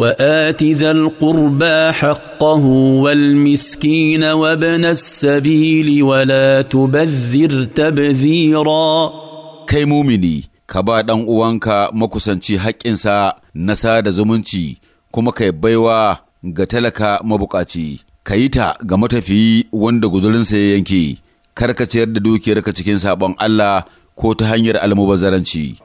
وات ذا القربى حقه والمسكين وابن السبيل ولا تبذر تبذيرا kai mumini ka ba ɗan uwanka makusanci haƙƙinsa na sada zumunci kuma kai baiwa ga talaka mabuƙaci. ka yi ta ga matafiyi wanda guzurinsa ya yanke kar ka ciyar da dukiyarka cikin saɓon Allah ko ta hanyar almubazzaranci